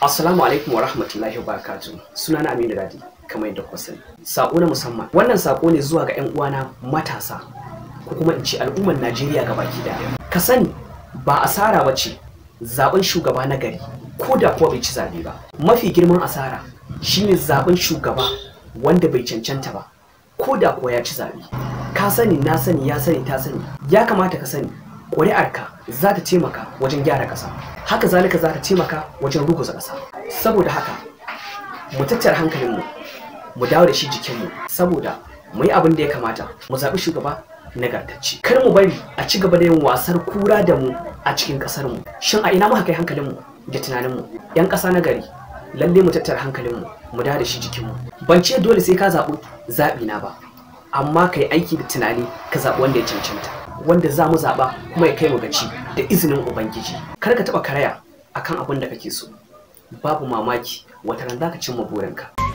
Assalamu alaikum wa rahmatullahi wa barakatuh. Sunana Aminu Dadi kamar yadda kuka sani. Sako na musamman. Wannan sako ne zuwa ga ƴan uwana matasa ko kuma in ce al'ummar Najeriya gabaki daya. Ka sani ba asara ba ce zaben shugaba na gari ko da kuwa bai ci zaɓe ba. Mafi girman asara shine zaben shugaba wanda bai cancanta ba ko da kuwa ya ci zabe. Ka sani na sani ya sani ta sani. Ya kamata ka sani ƙuri'arka za ta taimaka wajen gyara ƙasa haka zalika za ta taimaka wajen ruguza ƙasa saboda haka mu tattara hankalinmu mu dawo da shi jikinmu saboda mu yi abin da ya kamata mu zaɓi shugaba nagartacce kar mu bari a ci gaba da yin wasar kura da mu a cikin ƙasarmu shin a ina muka kai hankalinmu da tunaninmu 'yan ƙasa na gari lalle mu tattara hankalinmu mu dawo da shi jikinmu ban ce dole sai ka zaɓi zaɓi na ba amma ka yi aiki da tunani ka zaɓi wanda ya cancanta wanda za mu zaɓa kuma ya kai mu gaci da izinin ubangiji kar ka taɓa karaya akan abin da kake so babu mamaki wata ran za ka cimma burinka.